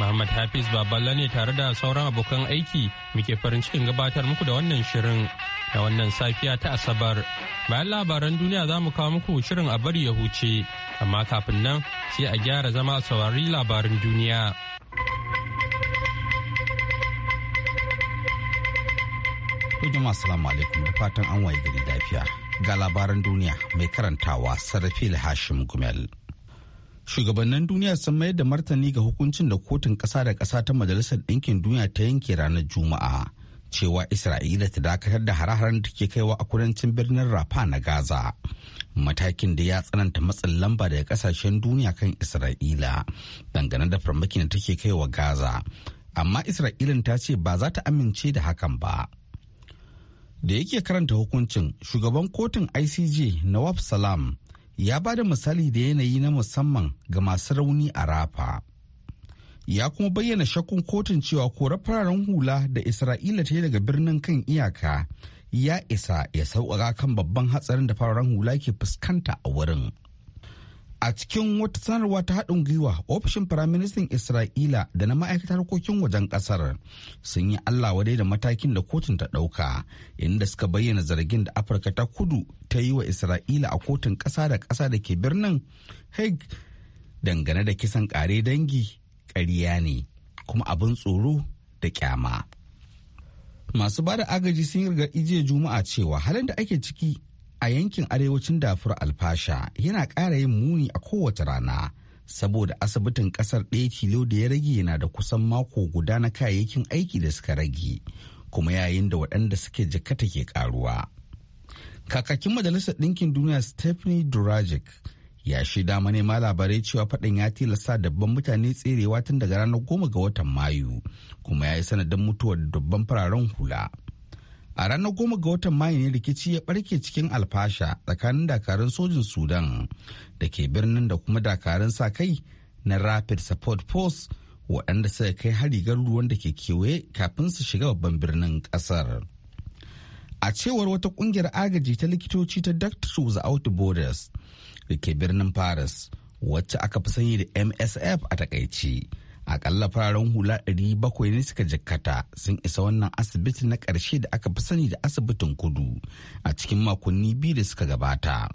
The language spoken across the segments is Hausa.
Muhammad Hafiz Baballa ne tare da sauran abokan aiki muke farin cikin gabatar muku da wannan shirin da wannan safiya ta Asabar. Bayan labaran duniya za mu kawo muku shirin a bari ya huce, amma kafin nan sai a gyara zama saurari labarin duniya. Jama'a salamu alaikum da fatan an waye gari lafiya. Ga labaran duniya mai karantawa Sarrafi Hashim Gumel. shugabannin duniya sun mayar da martani ga hukuncin da kotun ƙasa da ƙasa ta majalisar ɗinkin duniya ta yanke ranar juma'a cewa isra'ila ta dakatar da hare-haren da ke kaiwa a kudancin birnin rafa na gaza matakin da ya tsananta matsin lamba daga kasashen duniya kan isra'ila dangane da farmakin da take kaiwa gaza amma isra'ilin ta ce ba za ta amince da hakan ba da yake karanta hukuncin shugaban kotun icj nawab salam ya ba da misali da yanayi na musamman ga masu rauni a rafa ya kuma bayyana shakkun kotun cewa korar fararen hula da isra'ila ta yi daga birnin kan iyaka ya isa ya sauƙaƙa kan babban hatsarin da fararen hula ke fuskanta a wurin A cikin wata sanarwa ta haɗin gwiwa, ofishin Firaministan Isra'ila da na ma'aikatar harkokin wajen ƙasar sun yi Allah wadai da matakin da kotun ta ɗauka, inda suka bayyana zargin da Afirka ta kudu ta yi wa Isra'ila a kotun ƙasa da ƙasa da ke birnin Hague dangane da kisan ƙare dangi ƙarya ne, kuma abin tsoro da kyama. Masu bada agaji sun yi jiya Juma'a cewa halin da ake ciki a yankin arewacin dafur alfasha yana ƙara yin muni a kowace rana saboda asibitin ƙasar ɗaya tilo da ya rage yana da kusan mako guda na kayayyakin aiki da suka rage kuma yayin da waɗanda suke jikata ke ƙaruwa. Kakakin Majalisar Ɗinkin Duniya Stephanie Durajic ya shaida manema labarai cewa faɗin ya tilasta dabban mutane tserewa tun daga ranar goma ga watan Mayu kuma ya yi sanadin mutuwar dubban fararen hula. a ranar goma ga watan mayu ne rikici ya barke cikin alfasha tsakanin dakarun sojin sudan da ke birnin da kuma dakarun sa kai na rapid support force waɗanda suka kai hari ruwan da ke kewaye kafin su shiga babban birnin ƙasar a cewar wata ƙungiyar agaji ta likitoci ta doctors without borders da ke birnin paris wacce aka fi sanyi da msf a takaici akalla fararen hula 700 ne suka jikkata sun isa wannan asibiti na ƙarshe da aka fi sani da asibitin kudu a cikin makonni biyu da suka gabata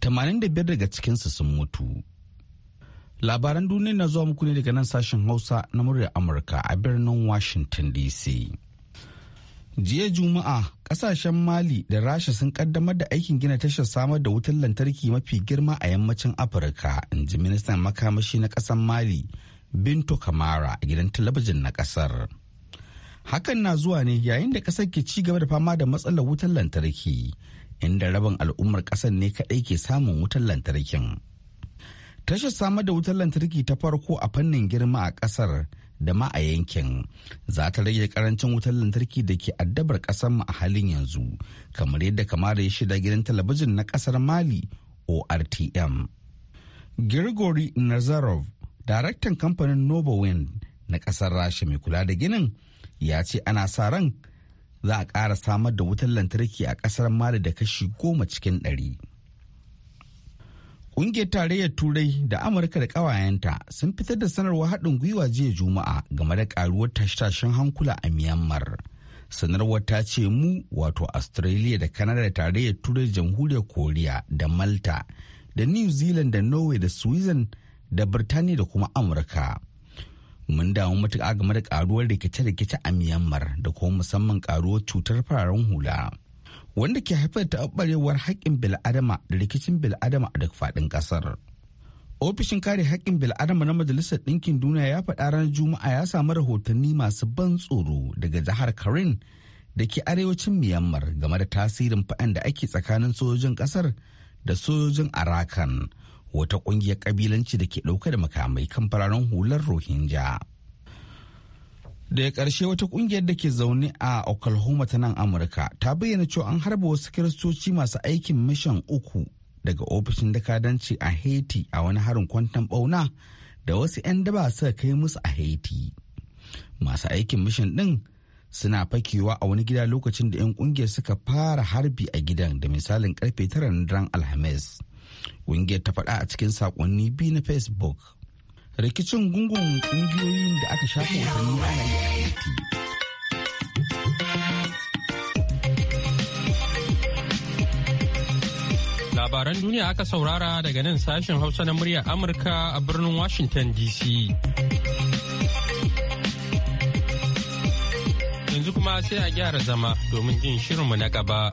85 daga cikinsu sun mutu labaran duniya na zuwa muku ne daga nan sashen hausa na muryar amurka a birnin washington dc jiya juma'a kasashen mali da rasha sun kaddamar da aikin gina tashar samar da wutar lantarki mafi girma a yammacin afirka in ji ministan makamashi na ƙasar mali Binto Kamara a gidan talabijin na kasar. Hakan na zuwa ne yayin da kasar ke ci gaba da fama da matsalar wutar lantarki inda rabin al'ummar kasar ne kaɗai ke samun wutar lantarkin. Tashar samar da wutar lantarki ta farko a fannin girma a kasar da ma a yankin za ta rage karancin wutar lantarki da ke addabar kasar mu a halin yanzu kamar yadda Kamara ya shida gidan talabijin na kasar mali ortm. Grigori Nazarov daraktan kamfanin nobowind na kasar rasha mai kula da ginin ya ce ana sa ran za a ƙara samar da wutar lantarki a kasar mali da kashi goma cikin ɗari ƙungiyar tarayyar turai da amurka da ƙawayenta sun fitar da sanarwar haɗin gwiwa jiya juma'a game da ƙaruwar tashe-tashen hankula a myanmar sanarwar ta ce mu wato australia da canada tarayyar turai jamhuriyar koriya da malta da new zealand da norway da sweden da birtaniya da kuma amurka mun damu matuƙa game da ƙaruwar rikice-rikice a myanmar da kuma musamman ƙaruwar cutar fararen hula wanda ke haifar da taɓarewar haƙƙin bil'adama da rikicin bil'adama a duk faɗin ƙasar ofishin kare haƙƙin bil'adama na majalisar ɗinkin duniya ya faɗa ranar juma'a ya samu rahotanni masu ban tsoro daga jihar karin da ke arewacin myanmar game da tasirin faɗan da ake tsakanin sojojin ƙasar da sojojin arakan wata ƙungiyar kabilanci da ke ɗauka da makamai kan fararen hular rohingya daga ƙarshe wata ƙungiyar da ke zaune a oklahoma ta nan amurka ta bayyana cewa an harba wasu kiristoci masu aikin mishan uku daga ofishin dakadanci a haiti a wani harin kwantan bauna da wasu 'yan daba suka kai musu a haiti masu aikin mishan ɗin suna fakewa a wani gida lokacin da 'yan ƙungiyar suka fara harbi a gidan da misalin karfe 9 na daren alhamis ƙungiyar ta faɗa a cikin saƙonni biyu na facebook rikicin gungun ƙungiyoyin da aka shafa watanni ana yi Labaran duniya aka saurara daga nan sashen Hausa na muryar Amurka a birnin Washington DC. Yanzu kuma sai a gyara zama domin jin shirinmu na gaba.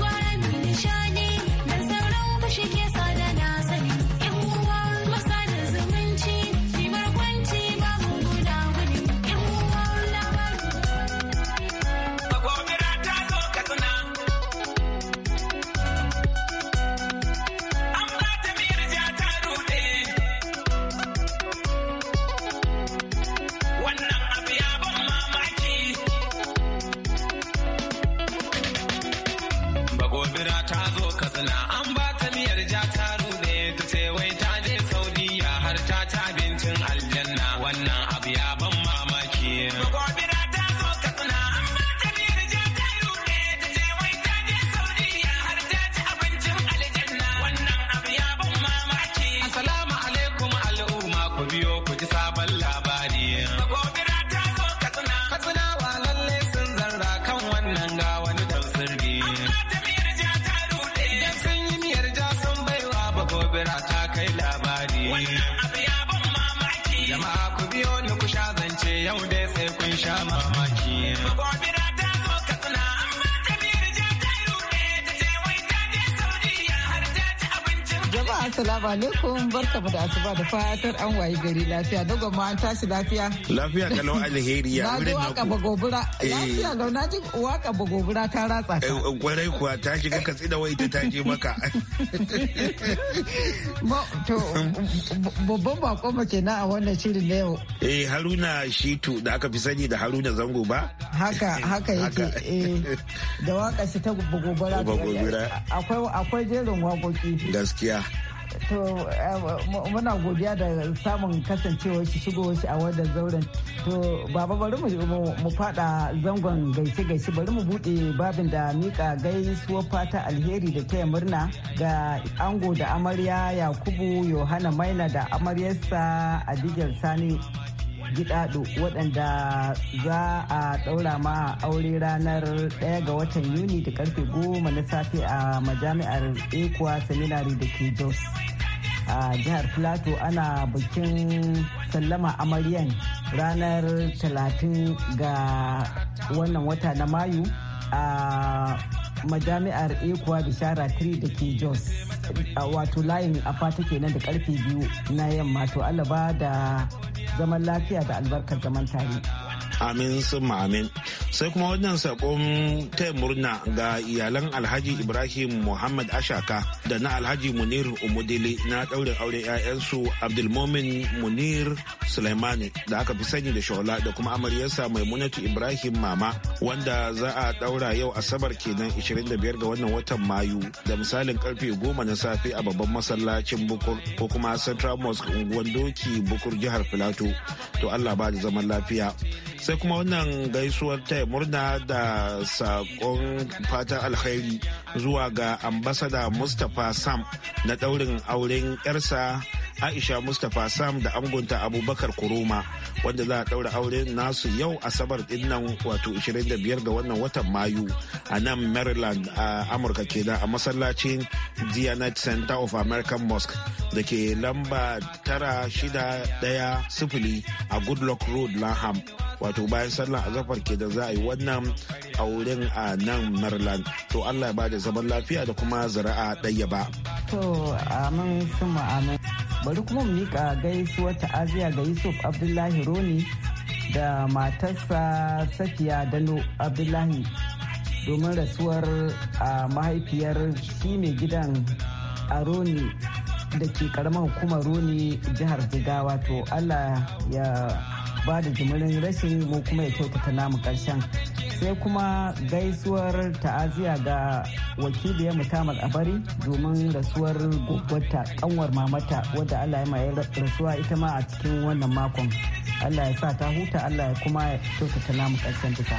jama'a assalamu alaikum barkamu da asuba da fatar an wayi gari lafiya da gwamma an tashi lafiya lafiya kalau alheri ya wurin na ku bagobura eh. lafiya ga na ji waka bagobura ta ratsa ka gwarai eh, kuwa ta shiga ka tsida wai ta taje maka to babban bako mace na a wannan shirin na yau eh haruna shitu da aka fi sani da haruna zango ba haka haka yake eh da waka shi ta bagobura akwai akwai jerin wakoki gaskiya To eh, muna godiya da samun kasancewar shi shigo shi a wadda zauren. To baba bari mu fada zangon gaishe gaishe bari mu bude babin da mika gaisuwar fata alheri da ta murna ga ango da amarya Yakubu Yohana Maina da amaryarsa a Adijar Sani gidado waɗanda za a ɗaura ma aure ranar ɗaya ga watan yuni da karfe 10 na safe a majami'ar ekuwa seminary da ke jos a jihar plateau ana bikin sallama amaryan ranar talatin ga wannan wata na mayu a majami'ar ekuwa bishara 3 da ke jos wato layin afa take nan da karfe biyu na yamma to alaba da zaman lafiya da albarkar zaman tare. amin sun amin sai kuma wannan sakon taya murna ga iyalan alhaji ibrahim muhammad ashaka da na alhaji munir umudili na daurin aure 'ya'yansu abdulmomin munir sulaimani da aka fi sani da shola da kuma amaryarsa maimunatu ibrahim mama wanda za a daura yau asabar kenan 25 ga wannan watan mayu da misalin karfe 10 na safe a babban masallacin bukur ko kuma central mosque unguwan doki bukur jihar filato to allah ba da zaman lafiya sai kuma wannan gaisuwar ta murna da sakon fatan alkhairi zuwa ga ambasada mustapha sam na daurin auren yarsa aisha mustapha sam da angunta abubakar Kuruma wanda za a ɗaura aure nasu yau asabar ɗinnan wato 25 ga wannan watan mayu a nan maryland a amurka kenan a masallacin dianet center of american mosque da ke lamba sifili a goodluck road laham wato bayan sallah azafar ke da za a yi wannan auren a nan maryland to allah ya da zaman lafiya da kuma zara'a ɗaya ba to amin sun amin bari kuma mu miƙa gaisuwar ta'aziya ga yusuf abdullahi roni da matarsa safiya dano abdullahi domin rasuwar a mahaifiyar shi mai gidan a roni da ke karamar hukumar roni jihar jigawa to allah ya ba da jimirin rashin mu kuma ya kyautata namu karshen sai kuma gaisuwar ta'aziya ga wakili ya mutamar abari domin rasuwar gwaggwata kanwar mamata wadda allah ya rasuwa ita ma a cikin wannan makon Allah ya sa ta huta Allah ya kuma kyautata namu karshen duka.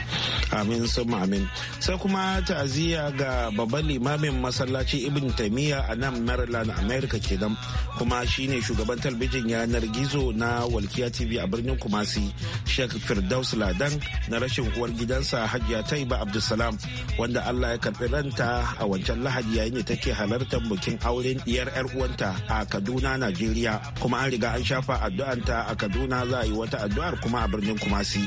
Amin sun amin. Sai kuma ta'aziyya ga babban limamin masallaci Ibn Taymiyyah a nan Maryland America kenan kuma shine shugaban talbijin yanar gizo na Walkiya TV a birnin Kumasi Sheikh Firdaus Ladan na rashin uwar gidansa Hajiya Taiba Abdulsalam wanda Allah ya karɓi ranta a wancan Lahadi yayin da take halartar bikin auren diyar 'yar uwanta a Kaduna Najeriya kuma an riga an shafa addu'anta a Kaduna za a yi wata ta addu'ar kuma a birnin kumasi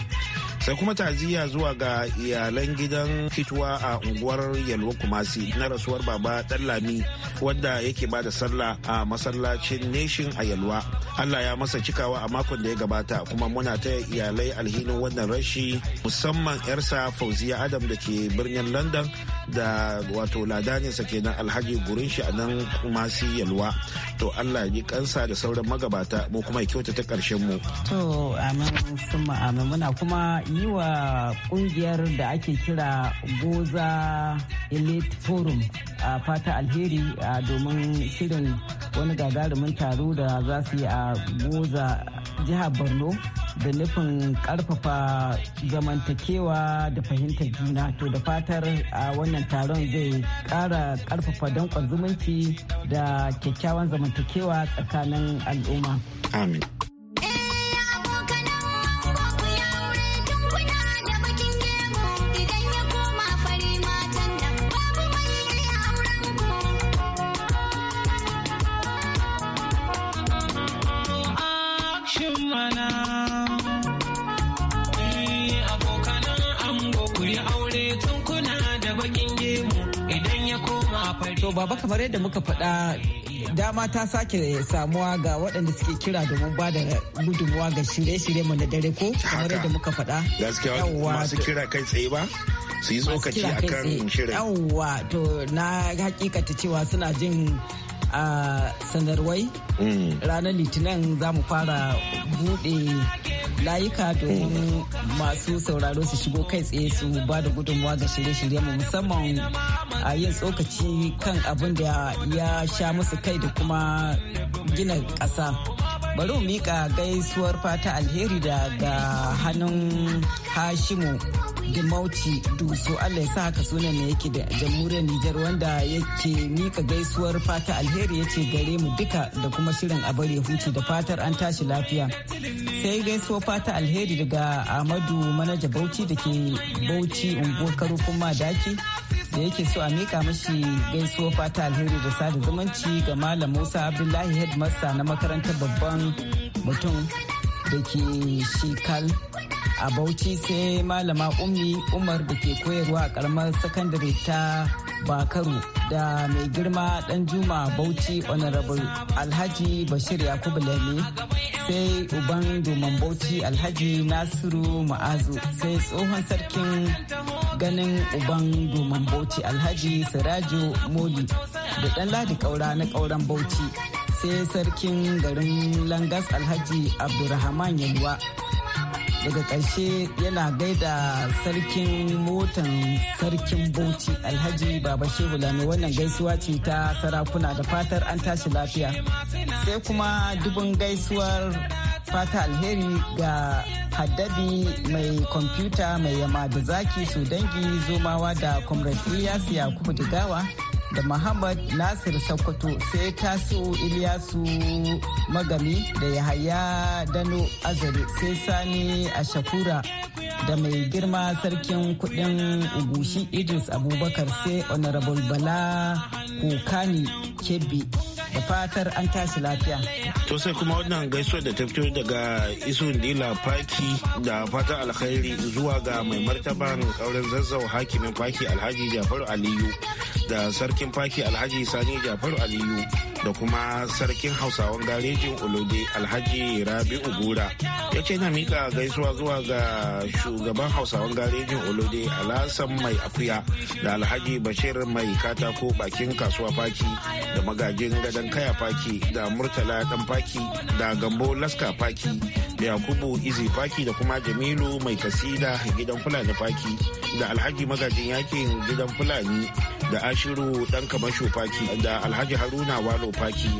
sai kuma taziya zuwa ga iyalan gidan fituwa a unguwar yalwa kumasi na rasuwar baba dallami wanda yake bada sallah a masallacin neshin a yalwa allah ya masa cikawa a makon da ya gabata kuma muna ta iyalai alhinin wannan rashi musamman yarsa fauziya adam da ke birnin london da wato ladaninsa kenan alhaji gurin shi a nan masu yalwa to allah ya kansa da sauran magabata mu kuma ya kyautata karshen mu to amin sun amin muna kuma yi wa kungiyar da ake kira goza elite forum a fata alheri a domin shirin wani gagarumin taro da za su yi a goza jihar borno da nufin karfafa zamantakewa da fahimtar juna to da fatar a wani. wannan taron zai ƙara ƙarfafa danƙon zumunci da kyakkyawan zamantakewa tsakanin al'umma. Amin. baba kamar yadda muka faɗa dama ta sake samuwa ga waɗanda suke kira domin ba da gudunmuwa ga shirye-shirye mu na dare ko kamar yadda muka faɗa. Gaskiya masu kira kai tsaye ba? su yi tsokaci a kan shirin. Yawwa to na hakikata cewa suna jin a sanarwai mm. ranar litinin za mu fara buɗe layuka domin masu sauraro su shigo kai tsaye su ba da gudunmuwa ga shirye-shirye mu musamman a yin tsokaci kan abin da ya sha musu kai da kuma gina ƙasa. bari mu mika gaisuwar fata alheri daga hannun hashimu dimauci dusu allah ya sa haka sunan ne yake da jamhuriyar nijar wanda yake mika gaisuwar fata alheri yace gare mu duka da kuma shirin a bari huce da fatar an tashi lafiya sai gaisuwar fata alheri daga amadu manaja bauchi da ke bauchi unguwar kuma daki da yake so a mika mashi gaisuwa fata alheri da sada zumunci ga malam musa abdullahi headmaster na makarantar babban mutum da ke shikal a bauchi sai malama ummi umar da ke koyarwa a karamar sakandare ta bakaru da mai girma dan juma bauchi honorable alhaji bashir yakubu lami sai uban domin bauchi alhaji nasiru ma'azu sai tsohon sarkin ganin uban domin bauchi alhaji sirajo moli da dan ladi kaura na kauran bauchi sai sarkin garin langas alhaji abdulrahman yalwa daga ƙarshe yana gaida sarkin motan sarkin bauchi alhaji baba shehu lami wannan gaisuwa ce ta sarakuna da fatar an tashi lafiya sai kuma dubin gaisuwar fata alheri ga haddabi mai kwamfuta mai yama da zaki su dangi zomawa da comrade ilyas da digawa da Muhammad Nasir Sokoto sai taso Iliyasu Magami da Yahaya Dano Azare sai Sani Ashakura da mai girma sarkin kudin Ugushi Idris Abubakar sai Honorable Bala Kokani Kebbi. da fatar an tashi lafiya. To sai kuma wannan gaisuwar da ta fito daga isu dila faki da fatan alkhairi zuwa ga mai martaban kauren zazzau hakimin faki alhaji jafaru aliyu da sarkin faki alhaji sani jafaru aliyu da kuma sarkin hausawan garejin olode alhaji rabi'u Ugura ya ce na mika gaisuwa zuwa ga shugaban hausawan garejin olode alhassan mai akuya da alhaji bashir mai katako bakin kasuwa faki da magajin gadon kaya faki da murtala dan faki da gambo laska faki yakubu izi faki da kuma jamilu mai kasida gidan fulani faki da alhaji magajin yakin gidan fulani da ashiru dan kamasho faki da alhaji haruna walo faki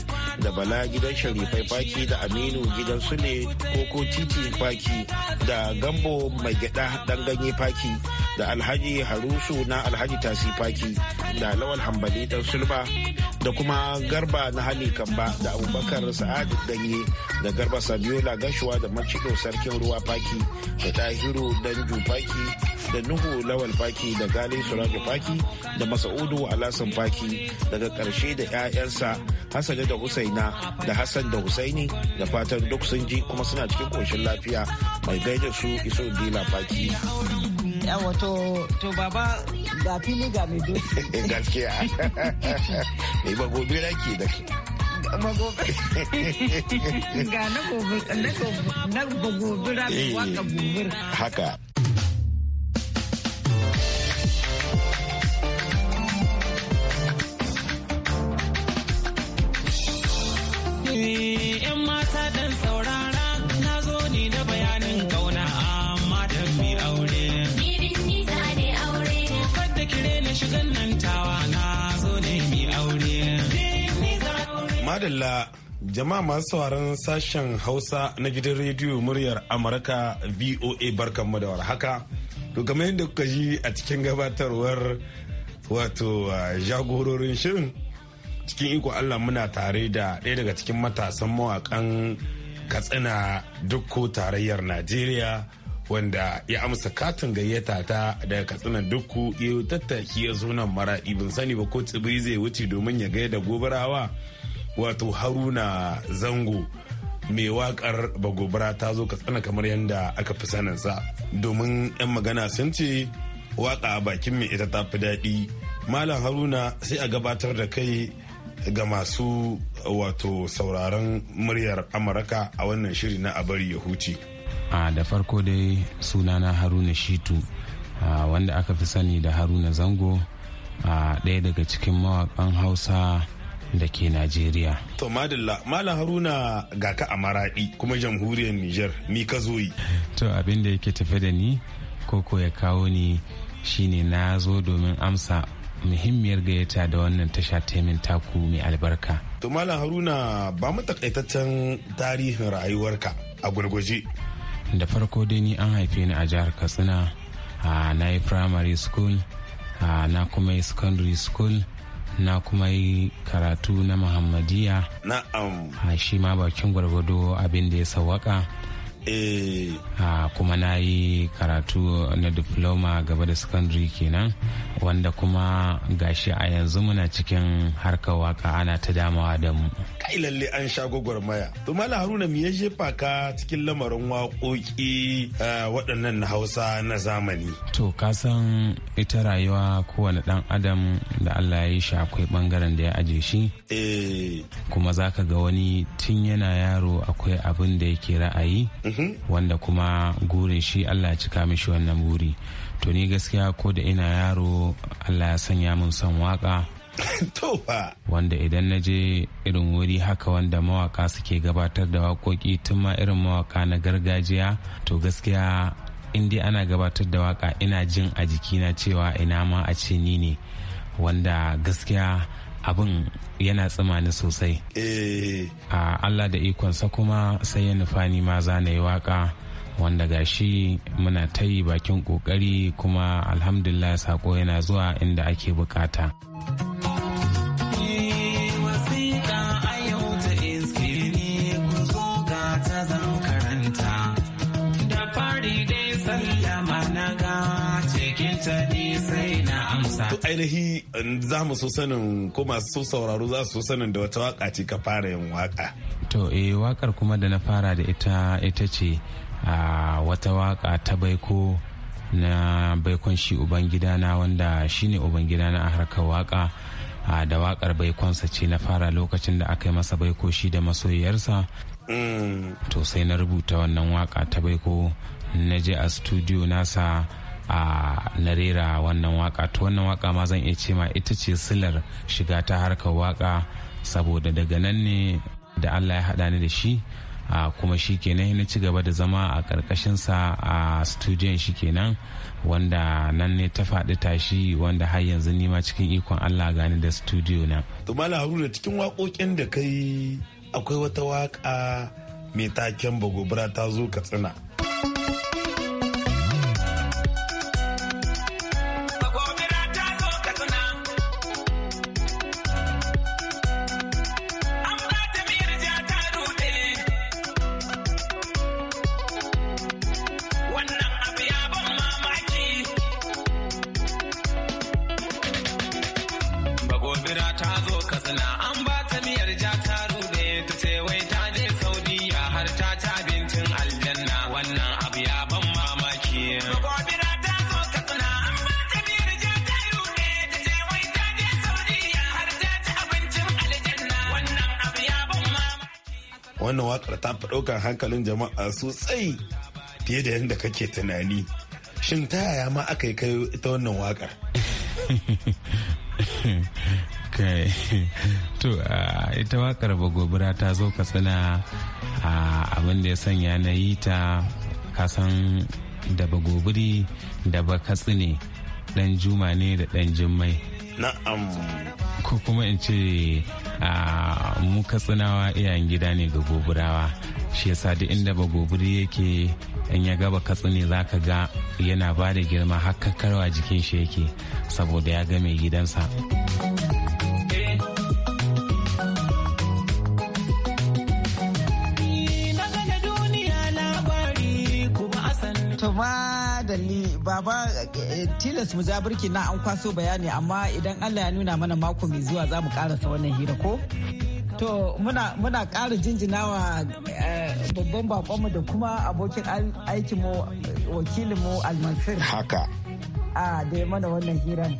da bala gidan sharifai faki da aminu gidan sule koko titi faki da gambo mai gyada dan ganye faki da alhaji harusu na alhaji tasi faki da lawal hambali dan sulba da kuma garba na hali kamba da abubakar sa'ad ganye da garba sabiola gashuwa da macido sarkin ruwa faki da tahiru danju faki da nuhu lawal faki da gali surafi faki da masa'udu alasan faki daga karshe da 'ya'yansa hassan da husaina da hassan da husaini da fatan duk sun ji kuma suna cikin koshin lafiya mai gaida su iso dila faki wato to baba ga fili ga mai doki gaskiya ba gobe ke da magobe ga na gobe na gobe gobe haka yan mata dan madalla jama'a masu sauraron sashen hausa na gidan rediyo muryar amurka voa barkanmu da warhaka to kamar yadda kuka ji a cikin gabatarwar wato jagororin shirin cikin iko allah muna tare da ɗaya daga cikin matasan mawakan katsina dukko tarayyar najeriya wanda ya amsa katin gayyata ta daga katsina dukku ya tattaki ya zo nan mara ibin sani ba ko tsibiri zai wuce domin ya gaida gobarawa wato haruna zango mai wakar bagobara ta zo ka tsana kamar yadda aka fi saninsa domin 'yan magana sun ce waka bakin mai ita ta fi daɗi malam haruna sai a gabatar da kai ga masu wato sauraron muryar amurka a wannan shiri na abari ya huce a da farko dai sunana haruna shitu wanda aka fi sani da haruna zango a ɗaya daga cikin mawakan hausa da ke Najeriya. To madalla Malam Haruna ga ka a maraɗi kuma jamhuriyar Nijar ni ka zo yi. To abin da yake tafe da ni koko ya kawo ni shine na zo domin amsa muhimmiyar gayyata da wannan tasha taimin taku mai albarka. To Malam Haruna ba mu takaitaccen tarihin rayuwarka a gurguje. Da farko dai ni an haife ni a jihar Katsina, na yi primary school, na kuma yi secondary school. na kuma yi karatu na muhammadiya na'am shi ma bakin gwargwado abin da ya sawaka eh ah, kuma na yi karatu na diploma gaba da secondary kenan wanda kuma gashi a yanzu muna cikin harkar waka ana ta damawa da mu kai lalle an sha gwagwarmaya to mala haruna me ya jefa ka cikin lamarin waƙoƙi ah, waɗannan na hausa na zamani to ka san ita rayuwa kowane ɗan adam da allah ya yi shi akwai ɓangaren da ya aje shi eh. kuma zaka ga wani tun yana yaro akwai abin da yake ra'ayi mhm. Mhm. wanda kuma gurin shi allah ya cika mishi wannan buri to ni gaskiya ko da ina yaro allah ya sanya mun son waka wanda idan na je irin wuri haka wanda mawaka suke gabatar da waƙoƙi tun ma irin mawaka na gargajiya to gaskiya in dai ana gabatar da waka ina jin a jikina cewa ina ma a ce ni ne wanda gaskiya abin yana tsimani sosai eh. a allah da ikonsa kuma sai ya nufa ni ma za na yi waka wanda gashi muna ta yi bakin kokari kuma alhamdulillah sako yana zuwa inda ake bukata. ta sai amsa to ainihi za mu so sanin ko masu sauraro za su so sanin da wata waka ce ka fara yin waka to eh wakar kuma da na fara da ita ita ce a wata waka ta baiko na baikon shi Ubangida na wanda shine Ubangida a harkar waka da wakar baikonsa ce na fara lokacin da aka yi masa baiko shi da masoyiyarsa mm. to sai na rubuta wannan waka ta baiko na je a studio nasa a narera wannan waka to wannan waka ma zan iya ce ma ita ce silar shiga ta harkar waka saboda daga nan ne da allah ya haɗa ni da shi a kuma shi kenan na ci gaba da zama a sa a studiyon shi kenan wanda nan ne ta faɗi tashi wanda har yanzu nima cikin ikon allah gani da studio na. tumala haruna cikin waƙoƙin da kai akwai wata waƙa mai taken bagobara ta zo katsina. ta fi ɗaukar hankalin jama'a sosai fiye da yadda kake tunani shin ta yaya ma aka yi kai ita wannan waƙar to ita wakar bagobira ta zo katsina abin da ya sanya na yi ta kasan da bagobiri da ba katsine dan juma ne da dan jimmai na'am ko kuma in ce mu katsinawa iyayen gida ne ga goburawa shi yasa duk inda ba goburi yake in ya gaba katsini za ka ga yana ba da girma hakakarwa jikin shi yake saboda ya ga mai gidansa baba eh, tilas mu ja birki na an kwaso bayani amma idan allah ya nuna mana mako mai zuwa za mu karasa wannan hira ko To muna muna ƙara jinjinawa eh, babban bakonmu da kuma abokin aikinmu wakilinmu almasir. Haka. A ah, da ya mana wannan hiran.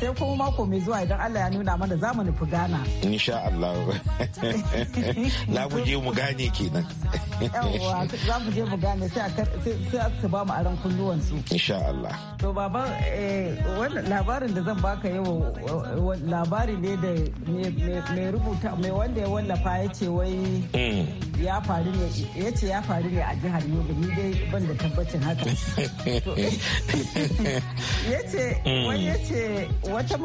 sai kuma mako mai zuwa idan Allah ya nuna mana za mu nufi Ghana. Insha Allah. na mu je mu gane kenan. Yawwa za mu je mu gane sai su ba mu aron kunnuwan su. Insha Allah. To baba eh, wannan labarin da zan baka yau labari ne da mai rubuta mai wanda ya wallafa ya ce wai hmm. ya faru ne ya ce ya faru ne a jihar Yobe ni dai ban da tabbacin haka ya ce mm. wani ya ce wata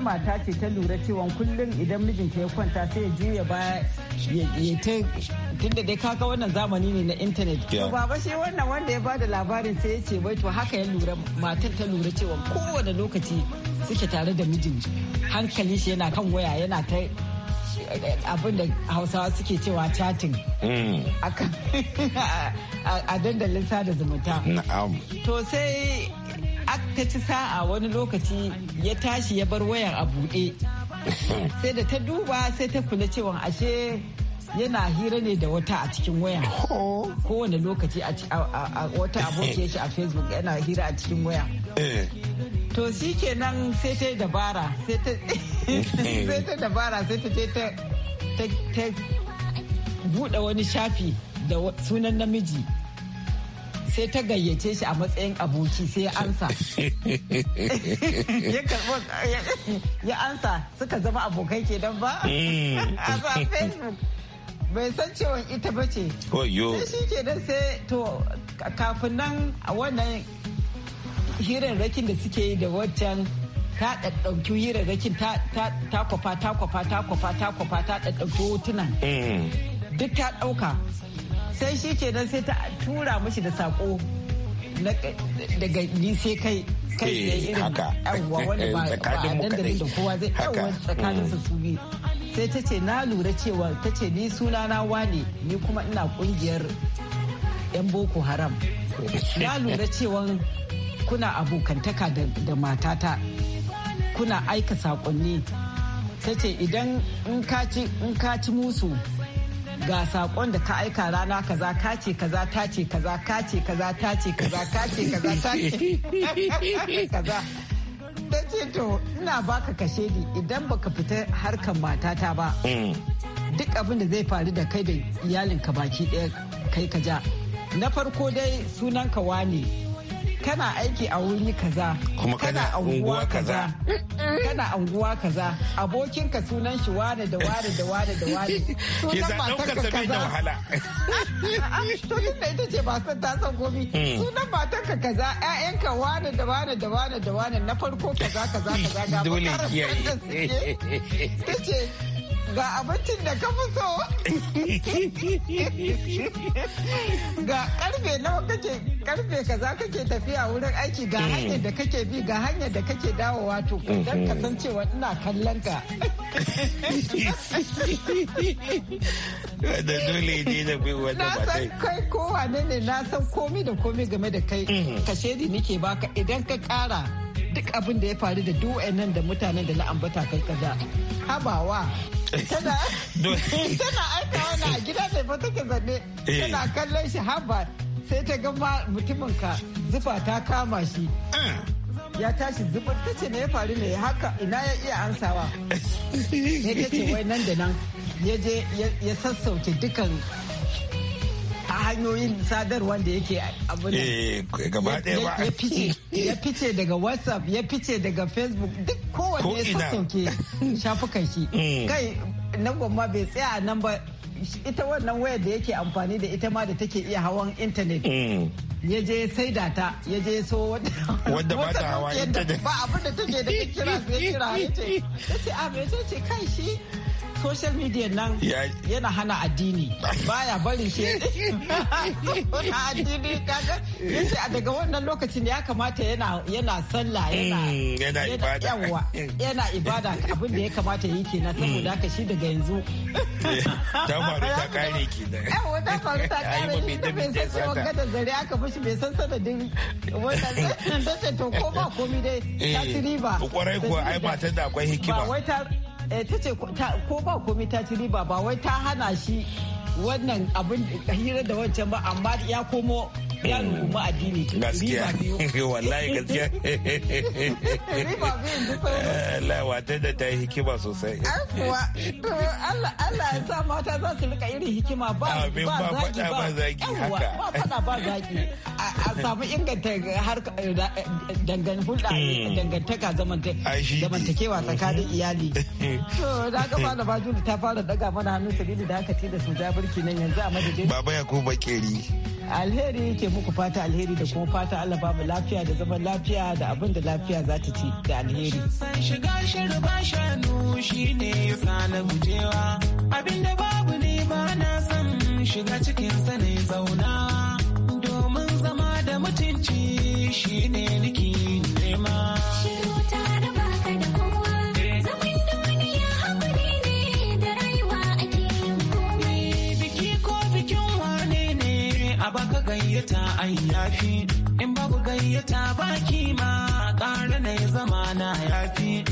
mata ce ta lura cewa kullum idan mijinta ya kwanta sai ya juya baya ya ta tunda dai kaga wannan zamani ne na intanet ba. baba shi wannan wanda ya ba da labarin sai ya ce bai to haka ya lura matar ta lura cewa kowane lokaci suke tare da mijin hankali shi yana kan waya yana ta abin da hausawa suke cewa chatting hmm. a dandalin sada zumunta to sai ta ci sa'a wani lokaci ya tashi ya bar wayar a buɗe sai da ta duba sai ta kula cewa ashe yana hira ne da wata a cikin waya kowane lokaci a wata abokiyar shi a facebook yana hira a cikin waya eh. to shi kenan sai ta yi dabara sai ta sai ta dabara sai ta je ta buɗe wani shafi da sunan namiji sai ta gayyace shi a matsayin aboki sai ya ansa ya ansa suka zama abokai ke dan ba mm. a facebook bai san cewa ita ba ce sai shi kenan sai to kafin nan a wannan hirarrakin da suke yi da waccan ta ɗaɗɗauki hirarrakin ta kwafa ta kwafa ta kwafa ta kwafa ta ɗaɗɗauki hotunan mm. duk ta ɗauka sai shi kenan sai ta tura mashi da saƙo daga ni sai kai kai ya eh, irin yawwa wani ba eh, dandalin da kowa zai yawwa tsakanin su su biyu sai ta ce na lura cewa ta ce ni sunana wane ni kuma ina kungiyar yan boko haram na lura cewa kuna abokantaka da matata kuna aika sakonni ta ce idan in kaci musu ga sakon da ka aika rana kaza ka ce kaza ta ce kaza ka ce kaza ta ce kaza ka ce kaza ta ce kaza ta ce to ina baka kashe ni idan baka fita harkan matata ba mm. duk abin da zai faru da kai da iyalinka baki ɗaya kai ka ja na farko dai sunanka wane kana aiki a wuri kaza kuma kana unguwa kaza kana unguwa kaza abokin ka sunan shi wane da wane da wane da wane sunan matar ka kaza wahala to din da ita ce ba san ta san gobi hmm. sunan matar ka kaza ƴaƴan ka wane da wane da wane da wane na farko kaza kaza kaza ga dole kiyaye ce Ga abincin da ka fi so. Ga karfe nawa kake karfe kaza kake tafiya wurin aiki ga hanyar da kake bi ga hanyar da kake dawowa to dan ka cewa ina kallon ka. Da dole ne da bi wata Na san kai kowa ne na san komi da komi game da kai. Mm. Kashedi nake baka idan ka kara duk abin da ya faru da duk nan da mutanen da na ambata kai habawa tana aika wani a gida da ba take zanne eh. tana kallon shi haba sai ta ga mutumin ka zufa ta kama shi eh. ya tashi zubar ta ce ya faru ne haka ina ya iya ansawa ne ta ce wai nan da nan ya je ya sassauke dukan a hanyoyin sadar da yake abin eh, eh, ya fice ya fice daga whatsapp ya fice daga facebook duk kowanne ya sassauke shafukan shi hmm. kai nan gwamma bai tsaya nan ba ita wannan wayar da yake amfani da ita ma da take iya hawan intanet hmm. ya je sai da ta ya je so wadda ba ta hawa intanet ba abin da take da kira ya kira ya ce a ah, ce kai shi social media nan yana hana addini baya bari shi na addini kaga yace a daga wannan lokacin ya kamata yana yana sallah mm, yana ibada mm. yana ibada abin da ya kamata yi kenan saboda haka shi daga yanzu eh, ta faru ta kare kenan wa ta faru ta kare shi da bai san cewa gada zare aka mishi bai san sanadin wannan dace to ko ba komai dai ta eh, riba kwarai kuwa ai matar da akwai hikima Eh, ta ce ko ba komai ta ci riba ba wai ta hana shi wannan abin hira da wancan ba amma ya komo ya rungumi addini gaskiya wallahi gaskiya Allah wata da ta yi hikima sosai Allah Allah ya sa mata za su rika irin hikima ba ba zagi ba zagi haka ba fada ba zagi a samu inganta har eh, eh, hulɗa hmm. dangantaka zamantakewa tsakanin iyali to da ga ba da bajulu ta fara daga mana hannun sabili da haka ce da su jabirki nan yanzu a madadin baba ya ko bakeri alheri ke muku fata alheri da kuma fata Allah babu lafiya da zaman lafiya da abin da lafiya za ta ci da alheri. Shiga shirba shanu shi ne na gujewa abin da babu ne ba na son shiga cikin sanai zauna. gayyata an yafi in babu gayyata baki ma ƙara na zama na yafi